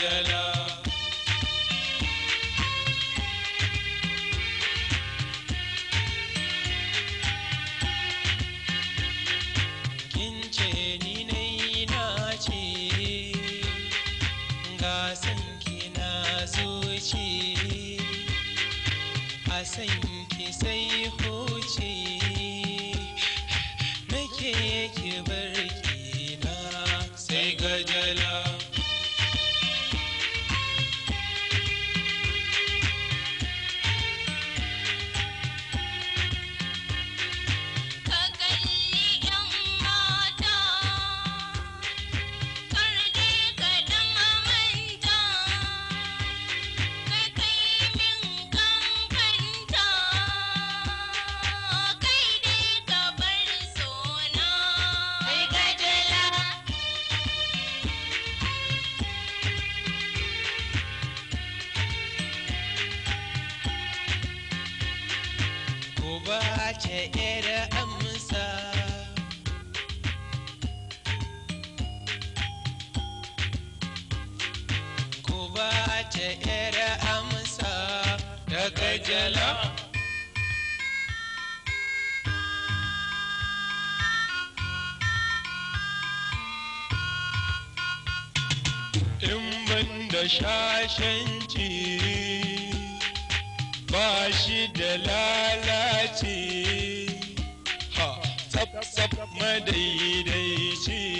जला ce era amsa kuba ce era amsa daga jala in ban da shashanci ba shi da lalaci madaidaici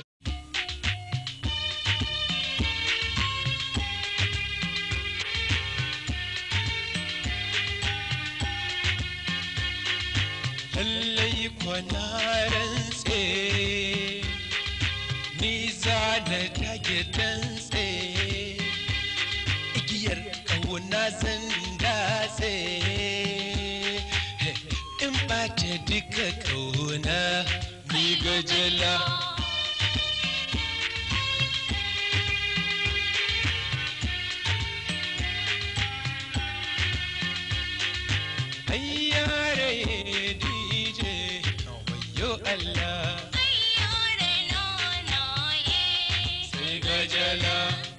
lallai kwana tse ni za na tage dantse igiyar kauna zan datse in ba ta duka kauna ni gajala अल्लाह श्री गजला